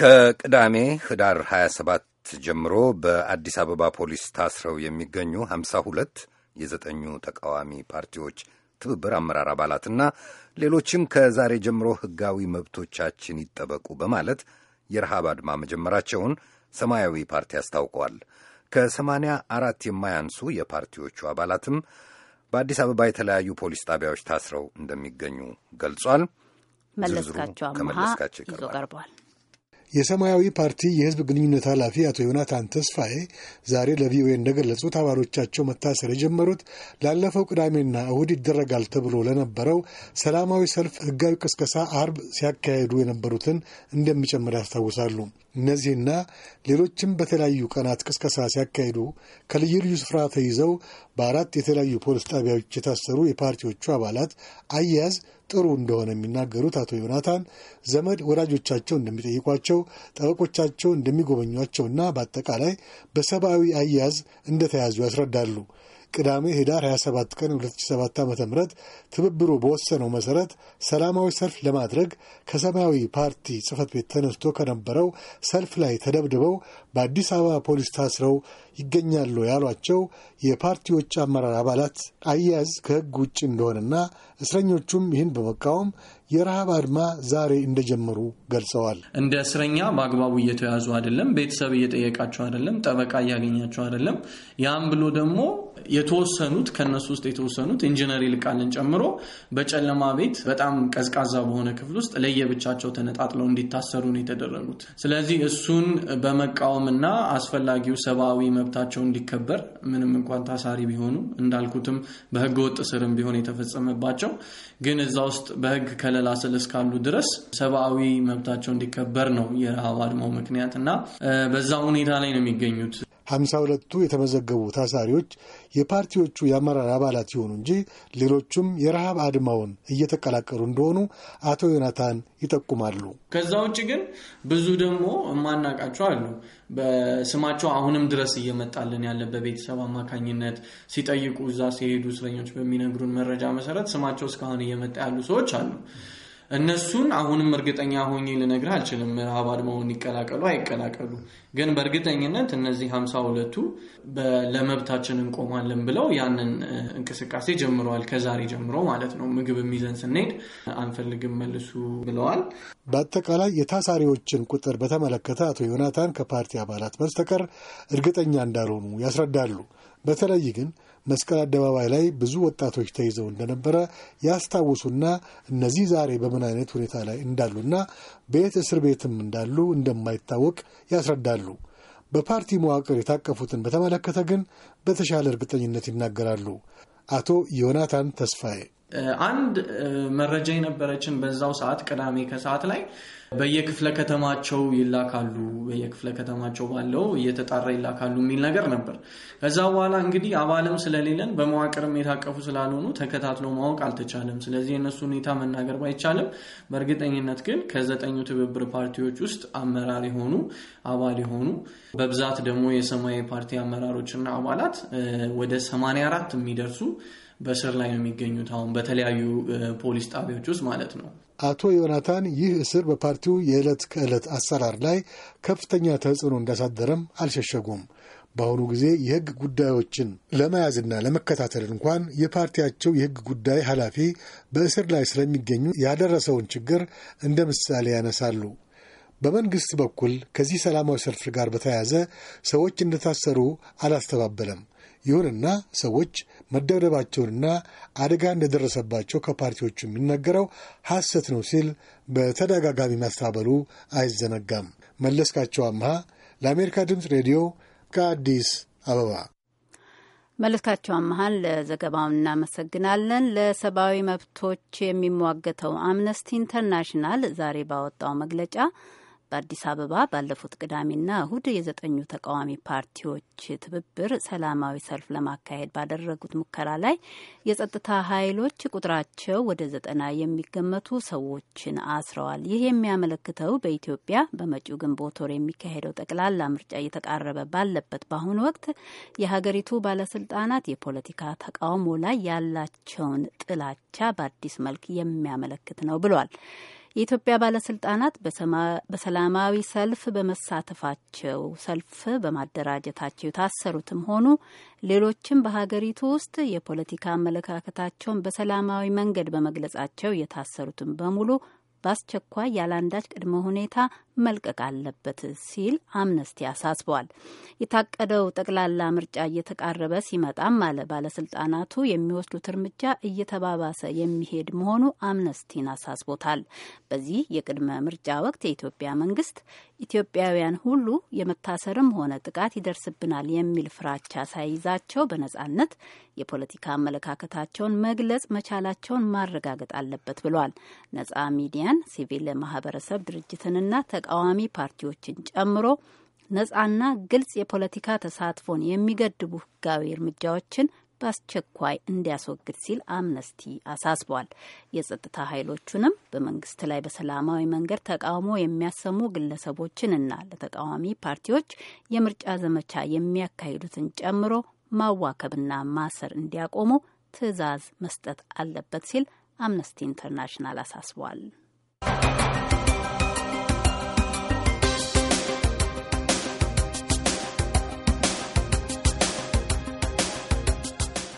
ከቅዳሜ ህዳር 27 ጀምሮ በአዲስ አበባ ፖሊስ ታስረው የሚገኙ 52 የዘጠኙ ተቃዋሚ ፓርቲዎች ትብብር አመራር አባላትና ሌሎችም ከዛሬ ጀምሮ ህጋዊ መብቶቻችን ይጠበቁ በማለት የረሃብ አድማ መጀመራቸውን ሰማያዊ ፓርቲ አስታውቀዋል። ከሰማንያ አራት የማያንሱ የፓርቲዎቹ አባላትም በአዲስ አበባ የተለያዩ ፖሊስ ጣቢያዎች ታስረው እንደሚገኙ ገልጿል። መለስካቸው አምሃ ይዞ ቀርቧል። የሰማያዊ ፓርቲ የህዝብ ግንኙነት ኃላፊ አቶ ዮናታን ተስፋዬ ዛሬ ለቪኦኤ እንደገለጹት አባሎቻቸው መታሰር የጀመሩት ላለፈው ቅዳሜና እሁድ ይደረጋል ተብሎ ለነበረው ሰላማዊ ሰልፍ ህጋዊ ቅስቀሳ አርብ ሲያካሄዱ የነበሩትን እንደሚጨምር ያስታውሳሉ። እነዚህና ሌሎችም በተለያዩ ቀናት ቅስቀሳ ሲያካሂዱ ከልዩ ልዩ ስፍራ ተይዘው በአራት የተለያዩ ፖሊስ ጣቢያዎች የታሰሩ የፓርቲዎቹ አባላት አያያዝ ጥሩ እንደሆነ የሚናገሩት አቶ ዮናታን ዘመድ ወዳጆቻቸው እንደሚጠይቋቸው፣ ጠበቆቻቸው እንደሚጎበኟቸውና በአጠቃላይ በሰብአዊ አያያዝ እንደተያዙ ያስረዳሉ። ቅዳሜ ህዳር 27 ቀን 2007 ዓ ም ትብብሩ በወሰነው መሠረት ሰላማዊ ሰልፍ ለማድረግ ከሰማያዊ ፓርቲ ጽህፈት ቤት ተነስቶ ከነበረው ሰልፍ ላይ ተደብድበው በአዲስ አበባ ፖሊስ ታስረው ይገኛሉ ያሏቸው የፓርቲዎች አመራር አባላት አያያዝ ከሕግ ውጭ እንደሆነና እስረኞቹም ይህን በመቃወም የረሃብ አድማ ዛሬ እንደጀመሩ ገልጸዋል። እንደ እስረኛ በአግባቡ እየተያዙ አይደለም፣ ቤተሰብ እየጠየቃቸው አይደለም፣ ጠበቃ እያገኛቸው አይደለም። ያም ብሎ ደግሞ የተወሰኑት ከነሱ ውስጥ የተወሰኑት ኢንጂነር ይልቃልን ጨምሮ በጨለማ ቤት በጣም ቀዝቃዛ በሆነ ክፍል ውስጥ ለየብቻቸው ተነጣጥለው እንዲታሰሩ ነው የተደረጉት። ስለዚህ እሱን በመቃወም እና አስፈላጊው ሰብአዊ መብታቸው እንዲከበር ምንም እንኳን ታሳሪ ቢሆኑ እንዳልኩትም በህገ ወጥ ስርም ቢሆን የተፈጸመባቸው ግን እዛ ውስጥ በህግ ከለላ ስር እስካሉ ድረስ ሰብአዊ መብታቸው እንዲከበር ነው የረሃብ አድማው ምክንያት እና በዛ ሁኔታ ላይ ነው የሚገኙት። ሀምሳ ሁለቱ የተመዘገቡ ታሳሪዎች የፓርቲዎቹ የአመራር አባላት ይሆኑ እንጂ ሌሎቹም የረሃብ አድማውን እየተቀላቀሉ እንደሆኑ አቶ ዮናታን ይጠቁማሉ። ከዛ ውጭ ግን ብዙ ደግሞ የማናቃቸው አሉ። በስማቸው አሁንም ድረስ እየመጣልን ያለ በቤተሰብ አማካኝነት ሲጠይቁ እዛ ሲሄዱ እስረኞች በሚነግሩን መረጃ መሰረት ስማቸው እስካሁን እየመጣ ያሉ ሰዎች አሉ። እነሱን አሁንም እርግጠኛ ሆኜ ልነግር አልችልም። አባል መሆን ይቀላቀሉ አይቀላቀሉ፣ ግን በእርግጠኝነት እነዚህ ሀምሳ ሁለቱ ለመብታችን እንቆማለን ብለው ያንን እንቅስቃሴ ጀምረዋል። ከዛሬ ጀምሮ ማለት ነው። ምግብ የሚዘን ስንሄድ አንፈልግም መልሱ ብለዋል። በአጠቃላይ የታሳሪዎችን ቁጥር በተመለከተ አቶ ዮናታን ከፓርቲ አባላት በስተቀር እርግጠኛ እንዳልሆኑ ያስረዳሉ። በተለይ ግን መስቀል አደባባይ ላይ ብዙ ወጣቶች ተይዘው እንደነበረ ያስታውሱና እነዚህ ዛሬ በምን አይነት ሁኔታ ላይ እንዳሉና በየት እስር ቤትም እንዳሉ እንደማይታወቅ ያስረዳሉ። በፓርቲ መዋቅር የታቀፉትን በተመለከተ ግን በተሻለ እርግጠኝነት ይናገራሉ። አቶ ዮናታን ተስፋዬ አንድ መረጃ የነበረችን በዛው ሰዓት ቅዳሜ ከሰዓት ላይ በየክፍለ ከተማቸው ይላካሉ፣ በየክፍለ ከተማቸው ባለው እየተጣራ ይላካሉ የሚል ነገር ነበር። ከዛ በኋላ እንግዲህ አባልም ስለሌለን በመዋቅርም የታቀፉ ስላልሆኑ ተከታትሎ ማወቅ አልተቻለም። ስለዚህ የእነሱ ሁኔታ መናገር ባይቻልም በእርግጠኝነት ግን ከዘጠኙ ትብብር ፓርቲዎች ውስጥ አመራር የሆኑ አባል የሆኑ በብዛት ደግሞ የሰማያዊ ፓርቲ አመራሮችና አባላት ወደ 84 የሚደርሱ በስር ላይ ነው የሚገኙት አሁን በተለያዩ ፖሊስ ጣቢያዎች ውስጥ ማለት ነው። አቶ ዮናታን ይህ እስር በፓርቲው የዕለት ከዕለት አሰራር ላይ ከፍተኛ ተጽዕኖ እንዳሳደረም አልሸሸጉም። በአሁኑ ጊዜ የሕግ ጉዳዮችን ለመያዝና ለመከታተል እንኳን የፓርቲያቸው የሕግ ጉዳይ ኃላፊ በእስር ላይ ስለሚገኙ ያደረሰውን ችግር እንደ ምሳሌ ያነሳሉ። በመንግሥት በኩል ከዚህ ሰላማዊ ሰልፍ ጋር በተያያዘ ሰዎች እንደታሰሩ አላስተባበለም። ይሁንና ሰዎች መደብደባቸውንና አደጋ እንደደረሰባቸው ከፓርቲዎቹ የሚነገረው ሐሰት ነው ሲል በተደጋጋሚ ማስተባበሉ አይዘነጋም። መለስካቸው አምሃ ለአሜሪካ ድምፅ ሬዲዮ ከአዲስ አበባ። መለስካቸው አመሀን ለዘገባው እናመሰግናለን። ለሰብአዊ መብቶች የሚሟገተው አምነስቲ ኢንተርናሽናል ዛሬ ባወጣው መግለጫ በአዲስ አበባ ባለፉት ቅዳሜና እሁድ የዘጠኙ ተቃዋሚ ፓርቲዎች ትብብር ሰላማዊ ሰልፍ ለማካሄድ ባደረጉት ሙከራ ላይ የጸጥታ ኃይሎች ቁጥራቸው ወደ ዘጠና የሚገመቱ ሰዎችን አስረዋል። ይህ የሚያመለክተው በኢትዮጵያ በመጪው ግንቦት ወር የሚካሄደው ጠቅላላ ምርጫ እየተቃረበ ባለበት በአሁኑ ወቅት የሀገሪቱ ባለስልጣናት የፖለቲካ ተቃውሞ ላይ ያላቸውን ጥላቻ በአዲስ መልክ የሚያመለክት ነው ብሏል። የኢትዮጵያ ባለስልጣናት በሰላማዊ ሰልፍ በመሳተፋቸው ሰልፍ በማደራጀታቸው የታሰሩትም ሆኑ ሌሎችም በሀገሪቱ ውስጥ የፖለቲካ አመለካከታቸውን በሰላማዊ መንገድ በመግለጻቸው የታሰሩትም በሙሉ በአስቸኳይ ያለአንዳች ቅድመ ሁኔታ መልቀቅ አለበት ሲል አምነስቲ አሳስቧል። የታቀደው ጠቅላላ ምርጫ እየተቃረበ ሲመጣም አለ ባለስልጣናቱ የሚወስዱት እርምጃ እየተባባሰ የሚሄድ መሆኑ አምነስቲን አሳስቦታል። በዚህ የቅድመ ምርጫ ወቅት የኢትዮጵያ መንግስት ኢትዮጵያውያን ሁሉ የመታሰርም ሆነ ጥቃት ይደርስብናል የሚል ፍራቻ ሳይዛቸው በነጻነት የፖለቲካ አመለካከታቸውን መግለጽ መቻላቸውን ማረጋገጥ አለበት ብሏል። ነጻ ሚዲያን፣ ሲቪል ማህበረሰብ ድርጅትንና ተቃዋሚ ፓርቲዎችን ጨምሮ ነጻና ግልጽ የፖለቲካ ተሳትፎን የሚገድቡ ህጋዊ እርምጃዎችን በአስቸኳይ እንዲያስወግድ ሲል አምነስቲ አሳስቧል። የጸጥታ ኃይሎቹንም በመንግስት ላይ በሰላማዊ መንገድ ተቃውሞ የሚያሰሙ ግለሰቦችንና ለተቃዋሚ ፓርቲዎች የምርጫ ዘመቻ የሚያካሂዱትን ጨምሮ ማዋከብና ማሰር እንዲያቆሙ ትዕዛዝ መስጠት አለበት ሲል አምነስቲ ኢንተርናሽናል አሳስቧል።